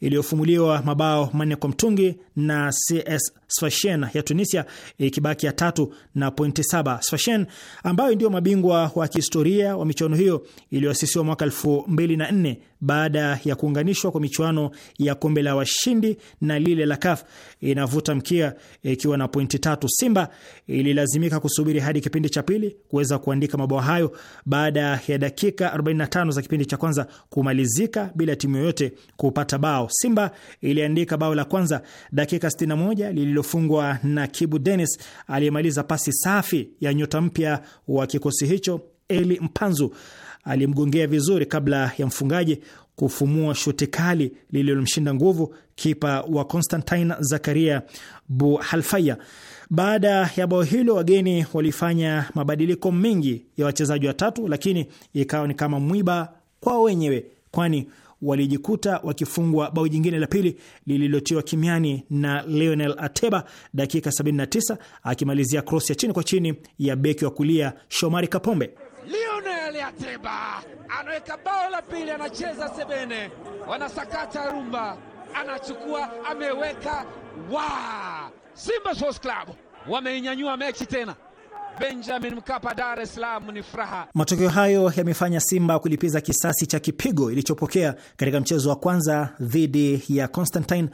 [SPEAKER 4] iliyofumuliwa mabao manne kwa mtungi na CS Sfaxien ya Tunisia ikibaki ya tatu na pointi saba. Sfaxien ambayo ndio mabingwa wa kihistoria wa michuano hiyo iliyoasisiwa mwaka nne baada ya kuunganishwa kwa michuano ya kombe la washindi na lile la CAF inavuta mkia ikiwa na pointi tatu. Simba ililazimika kusubiri hadi kipindi cha pili kuweza kuandika mabao hayo baada ya dakika 45 za kipindi cha kwanza kumalizika bila timu yoyote kupata bao. Simba iliandika bao la kwanza dakika 61 lililofungwa na Kibu Dennis aliyemaliza pasi safi ya nyota mpya wa kikosi hicho Eli Mpanzu alimgongea vizuri kabla ya mfungaji kufumua shuti kali lililomshinda nguvu kipa wa Constantine Zakaria Bu Baada ya bao hilo, wageni walifanya mabadiliko mengi ya wachezaji watatu, lakini ikawa ni kama mwiba kwao wenyewe, kwani walijikuta wakifungwa bao jingine la pili lililotiwa kimiani na Leonel Ateba dakika 79, akimalizia krosi ya chini kwa chini ya beki wa kulia Shomari Kapombe.
[SPEAKER 2] Lionel Yateba anaweka bao la pili, anacheza sebene,
[SPEAKER 3] wanasakata rumba, anachukua ameweka.
[SPEAKER 2] Wa Simba Sports Club wameinyanyua mechi tena. Benjamin Mkapa, Dar es Salaam ni furaha.
[SPEAKER 4] Matokeo hayo yamefanya Simba kulipiza kisasi cha kipigo ilichopokea katika mchezo wa kwanza dhidi ya Constantine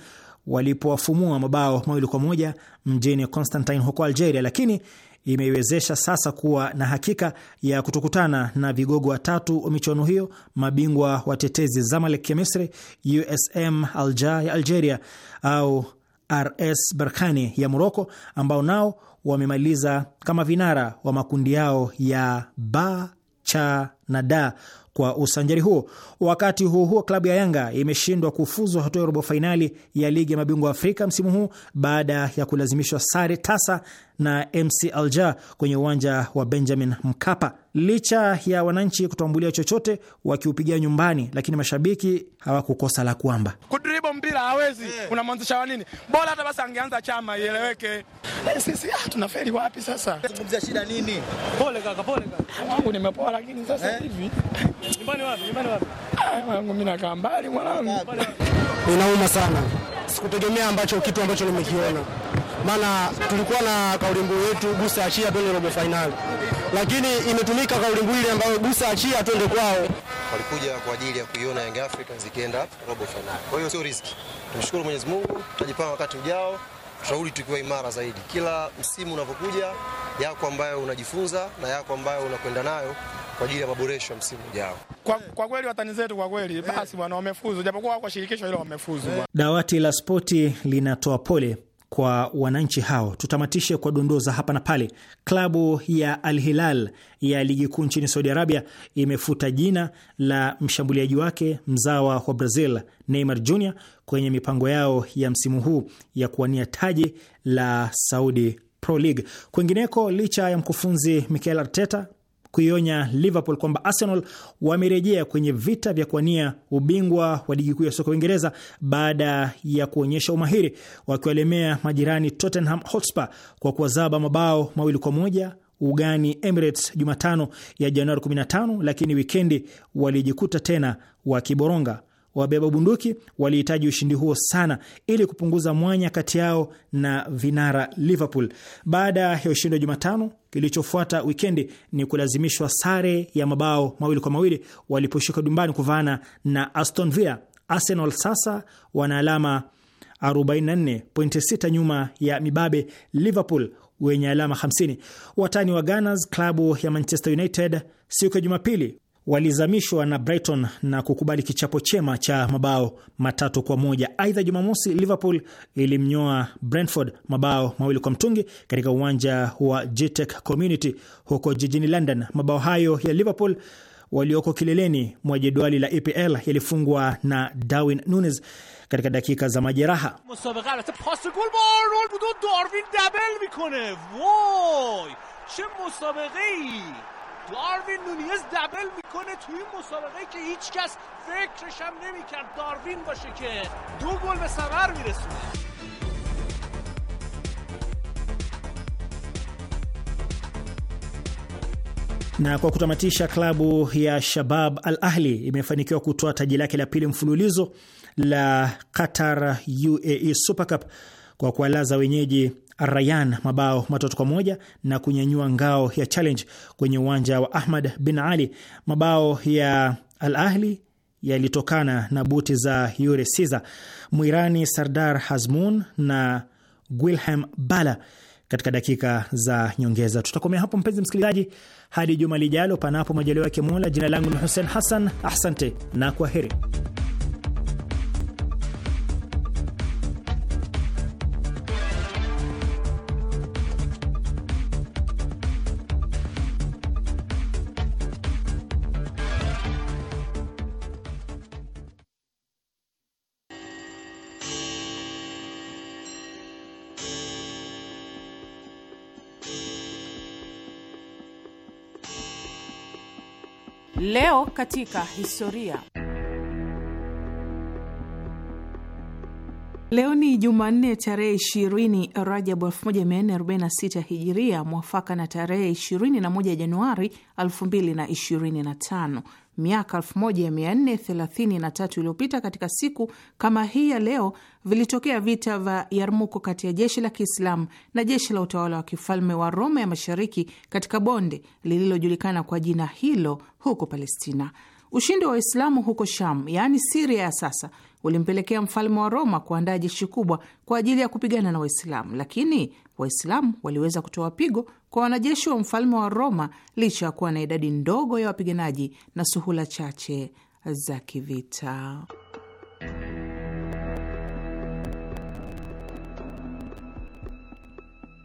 [SPEAKER 4] walipowafumua mabao mawili kwa moja mjini Constantine huko Algeria, lakini imeiwezesha sasa kuwa na hakika ya kutokutana na vigogo watatu wa michuano hiyo, mabingwa watetezi Zamalek ya Misri, USM Alja ya Algeria au RS Berkane ya Moroko, ambao nao wamemaliza kama vinara wa makundi yao ya ba cha na da kwa usanjari huo. Wakati huo huo, klabu ya Yanga imeshindwa kufuzwa hatua ya robo fainali ya ligi ya mabingwa Afrika msimu huu baada ya kulazimishwa sare tasa na MC Alger kwenye uwanja wa Benjamin Mkapa. Licha ya wananchi kutambulia chochote wakiupigia nyumbani, lakini mashabiki hawakukosa la kwamba kudribo mpira hawezi yeah. Unamwanzisha wa nini? Bora hata basi angeanza chama ieleweke. Eh, sisi ah, tunafeli wapi sasa? Zungumzia shida nini? Pole kaka, pole kaka. Ah, wangu nimepoa lakini sasa eh. hivi. Nyumbani wapi? Nyumbani wapi? Ah, wangu mimi nakaa mbali mwanangu. Inauma sana. Sikutegemea ambacho kitu ambacho nimekiona maana tulikuwa na kauli mbiu yetu gusa achia twende robo fainali, lakini imetumika kauli mbiu ile ambayo gusa achia twende kwao.
[SPEAKER 3] Walikuja kwa ajili ya kuiona Young Africans zikienda robo fainali, kwa hiyo sio riski. Tumshukuru Mwenyezi Mungu, tutajipanga wakati ujao tutarudi tukiwa imara zaidi. Kila msimu unapokuja, yako ambayo unajifunza na yako ambayo unakwenda nayo kwa
[SPEAKER 4] ajili ya maboresho ya msimu ujao. Kwa, kwa kweli watani zetu kwa kweli basi bwana, wamefuzu japokuwa wako shirikisho hilo wamefuzu. Dawati la spoti linatoa pole kwa wananchi hao. Tutamatishe kwa dondoo za hapa na pale. Klabu ya Al Hilal ya ligi kuu nchini Saudi Arabia imefuta jina la mshambuliaji wake mzawa wa Brazil Neymar Jr kwenye mipango yao ya msimu huu ya kuwania taji la Saudi Pro League. Kwingineko, licha ya mkufunzi Mikel Arteta kuionya Liverpool kwamba Arsenal wamerejea kwenye vita vya kuwania ubingwa wa ligi kuu ya soka Uingereza baada ya kuonyesha umahiri wakiwalemea majirani Tottenham Hotspur kwa kuwazaba mabao mawili kwa moja ugani Emirates Jumatano ya Januari 15, lakini wikendi walijikuta tena wakiboronga. Wabeba bunduki walihitaji ushindi huo sana ili kupunguza mwanya kati yao na vinara Liverpool. Baada ya ushindi wa Jumatano, kilichofuata wikendi ni kulazimishwa sare ya mabao mawili kwa mawili waliposhuka dumbani kuvaana na Aston Villa. Arsenal sasa wana alama 44.6 nyuma ya mibabe Liverpool wenye alama 50. Watani wa Gunners klabu ya Manchester United siku ya Jumapili walizamishwa na Brighton na kukubali kichapo chema cha mabao matatu kwa moja. Aidha, Jumamosi Liverpool ilimnyoa Brentford mabao mawili kwa mtungi katika uwanja wa Jitech Community huko jijini London. Mabao hayo ya Liverpool walioko kileleni mwa jedwali la EPL yalifungwa na Darwin Nunes katika dakika za majeraha.
[SPEAKER 2] داروین نونیز دبل میکنه توی این مسابقه که هیچ کس فکرش هم نمیکرد داروین باشه که دو گل به ثمر میرسونه
[SPEAKER 4] Na kwa kutamatisha, klabu ya Shabab Al Ahli imefanikiwa kutoa taji lake la pili mfululizo la Qatar UAE Super Cup kwa kualaza wenyeji Rayan mabao matatu kwa moja na kunyanyua ngao ya Challenge kwenye uwanja wa Ahmad bin Ali. Mabao ya Al Ahli yalitokana na buti za Yure Siza, Mwirani Sardar Hazmun na Gwilham Bala katika dakika za nyongeza. Tutakomea hapo mpenzi msikilizaji, hadi juma lijalo, panapo majaliwa ya Kimola. Jina langu ni Hussein Hassan, asante na kwaheri.
[SPEAKER 5] Leo katika historia. Leo ni Jumanne tarehe ishirini Rajabu 1446 Hijiria, mwafaka na tarehe 21 Januari 2025 miaka 1433 iliyopita katika siku kama hii ya leo vilitokea vita vya Yarmuko kati ya jeshi la Kiislamu na jeshi la utawala wa kifalme wa Roma ya Mashariki katika bonde lililojulikana kwa jina hilo huko Palestina. Ushindi wa Waislamu huko Sham, yaani Siria ya sasa, ulimpelekea mfalme wa Roma kuandaa jeshi kubwa kwa ajili ya kupigana na Waislamu, lakini Waislamu waliweza kutoa pigo kwa wanajeshi wa mfalme wa Roma licha ya kuwa na idadi ndogo ya wapiganaji na suhula chache za kivita.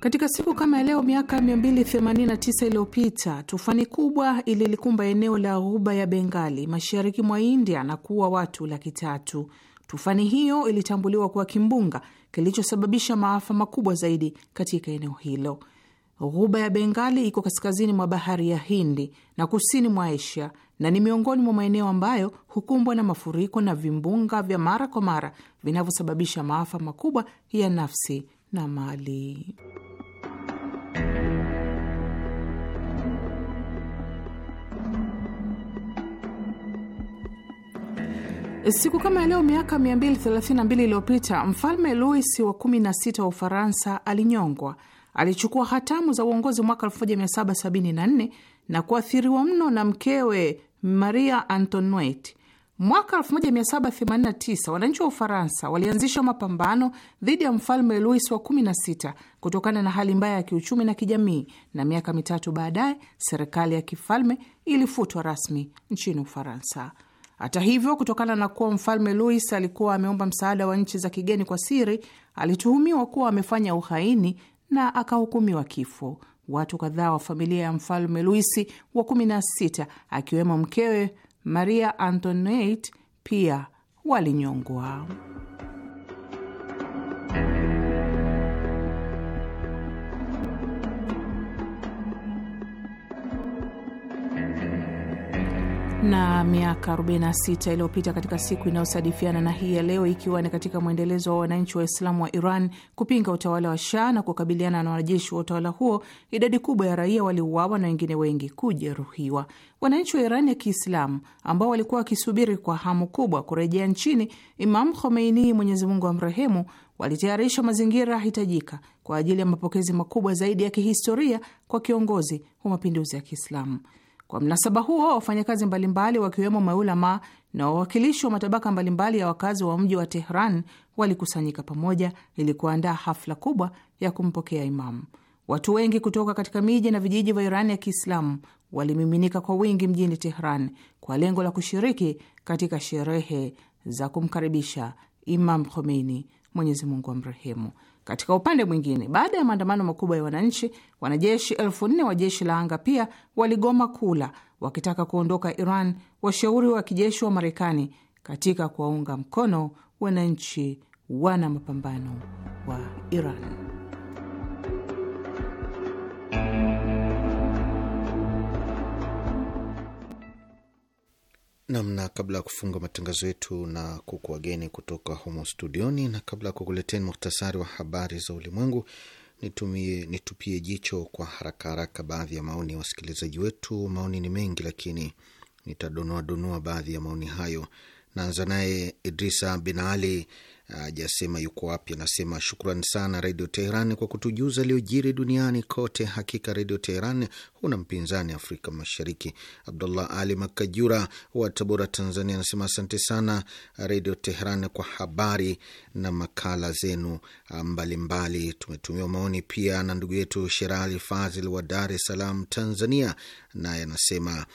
[SPEAKER 5] Katika siku kama leo miaka 289 iliyopita tufani kubwa ililikumba eneo la ghuba ya Bengali mashariki mwa India na kuua watu laki tatu. Tufani hiyo ilitambuliwa kuwa kimbunga kilichosababisha maafa makubwa zaidi katika eneo hilo. Ghuba ya Bengali iko kaskazini mwa bahari ya Hindi na kusini mwa Asia na ni miongoni mwa maeneo ambayo hukumbwa na mafuriko na vimbunga vya mara kwa mara vinavyosababisha maafa makubwa ya nafsi na Mali. Siku kama leo miaka 232 iliyopita mfalme Louis wa 16 wa Ufaransa alinyongwa. Alichukua hatamu za uongozi mwaka 1774 na kuathiriwa mno na mkewe Maria Antoinette Mwaka 1789 wananchi wa Ufaransa walianzisha mapambano dhidi ya mfalme Louis wa 16 kutokana na hali mbaya ya kiuchumi na kijamii, na miaka mitatu baadaye serikali ya kifalme ilifutwa rasmi nchini Ufaransa. Hata hivyo, kutokana na kuwa mfalme Louis alikuwa ameomba msaada wa nchi za kigeni kwa siri, alituhumiwa kuwa amefanya uhaini na akahukumiwa kifo. Watu kadhaa wa familia ya mfalme Louis wa 16 akiwemo mkewe Maria Antoinette pia walinyongwa. na miaka 46 iliyopita katika siku inayosadifiana na hii ya leo, ikiwa ni katika mwendelezo wa wananchi wa Islamu wa Iran kupinga utawala wa Shah na kukabiliana na wanajeshi wa utawala huo, idadi kubwa ya raia waliuawa na wengine wengi kujeruhiwa. Wananchi wa Iran ya Kiislamu ambao walikuwa wakisubiri kwa hamu kubwa kurejea nchini Imam Khomeini, Mwenyezi Mungu amrehemu, walitayarisha mazingira hitajika kwa ajili ya mapokezi makubwa zaidi ya kihistoria kwa kiongozi wa mapinduzi ya Kiislamu. Kwa mnasaba huo, wafanyakazi mbalimbali wakiwemo maulama na wawakilishi wa matabaka mbalimbali ya wakazi wa mji wa Tehran walikusanyika pamoja ili kuandaa hafla kubwa ya kumpokea Imamu. Watu wengi kutoka katika miji na vijiji vya Irani ya Kiislamu walimiminika kwa wingi mjini Tehran kwa lengo la kushiriki katika sherehe za kumkaribisha Imam Khomeini, Mwenyezi Mungu amrehemu. Katika upande mwingine, baada ya maandamano makubwa ya wananchi, wanajeshi elfu nne wa jeshi la anga pia waligoma kula, wakitaka kuondoka Iran washauri wa kijeshi wa Marekani katika kuwaunga mkono wananchi wana mapambano wa Iran.
[SPEAKER 3] namna kabla ya kufunga matangazo yetu na kuku wageni kutoka humo studioni, na kabla ya kukuleteni muhtasari wa habari za ulimwengu, nitumie nitupie jicho kwa haraka haraka baadhi ya maoni ya wasikilizaji wetu. Maoni ni mengi, lakini nitadonoa donoa baadhi ya maoni hayo. Naanza naye Idrisa bin Ali ajasema yuko wapi. Anasema shukran sana Redio Teheran kwa kutujuza aliyojiri duniani kote. Hakika Redio Teheran huna mpinzani Afrika Mashariki. Abdullah Ali Makajura wa Tabora, Tanzania, anasema asante sana Redio Teheran kwa habari na makala zenu mbalimbali. Tumetumiwa maoni pia na ndugu yetu Sherali Fazil wa Dar es Salaam, Tanzania, naye anasema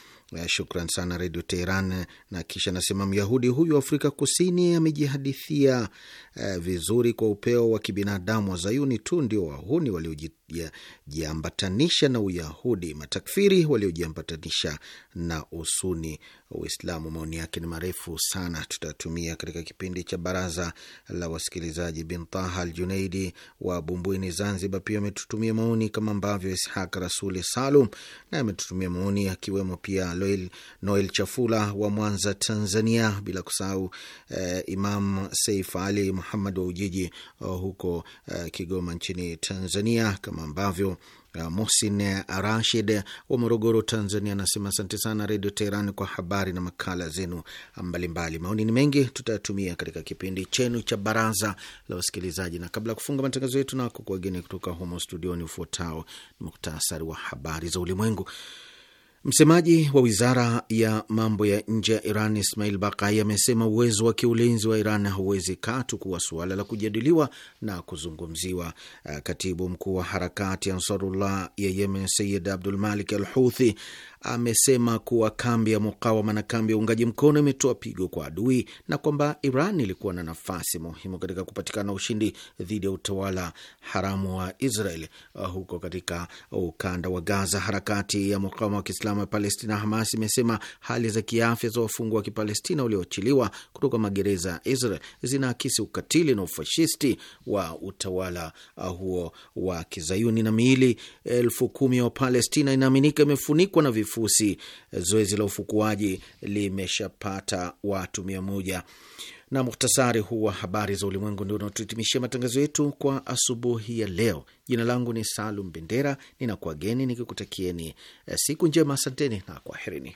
[SPEAKER 3] Shukran sana Redio Teheran. Na kisha anasema myahudi huyu wa Afrika Kusini amejihadithia eh, vizuri kwa upeo wa kibinadamu. wa zayuni tu ndio wahuni waliojitia waliojiambatanisha na Uyahudi, matakfiri waliojiambatanisha na usuni Uislamu. Maoni yake ni marefu sana, tutatumia katika kipindi cha baraza la wasikilizaji. Taha Al Junaidi wa Bumbwini, Zanzibar, pia ametutumia maoni kama ambavyo Ishaq Rasuli Salum naye ametutumia maoni, akiwemo pia Loil, Noel Chafula wa Mwanza, Tanzania, bila kusahau eh, Imam Seif Ali Muhammad wa Ujiji eh, huko uh, Kigoma nchini Tanzania kama ambavyo uh, Mohsin Rashid wa Morogoro, Tanzania, anasema asante sana Redio Teheran kwa habari na makala zenu mbalimbali. Maoni ni mengi, tutayatumia katika kipindi chenu cha baraza la wasikilizaji, na kabla ya kufunga matangazo yetu nako kuwageni kutoka humo studioni, ufuatao ni muktasari wa habari za ulimwengu. Msemaji wa wizara ya mambo ya nje ya Iran Ismail Bakai amesema uwezo wa kiulinzi wa Iran hauwezi katu kuwa suala la kujadiliwa na kuzungumziwa. Katibu mkuu wa harakati Ansarullah ya Yemen Sayid Abdul Malik al Huthi amesema kuwa kambi ya mukawama na kambi ya uungaji mkono imetoa pigo kwa adui na kwamba Iran ilikuwa na nafasi muhimu katika kupatikana ushindi dhidi ya utawala haramu wa Israel uh, huko katika ukanda wa Gaza. Harakati ya mukawama wa Kiislamu ya Palestina, Hamas, imesema hali za kiafya za wafungwa wa Kipalestina walioachiliwa kutoka magereza ya Israel zinaakisi ukatili na ufashisti wa utawala uh, huo wa Kizayuni, na miili elfu kumi ya Wapalestina inaaminika imefunikwa na vifu kifusi. Zoezi la ufukuaji limeshapata watu mia moja. Na muhtasari huu wa habari za ulimwengu ndio unaotuhitimishia matangazo yetu kwa asubuhi ya leo. Jina langu ni Salum Bendera, ninakuageni nikikutakieni siku njema. Asanteni na kwaherini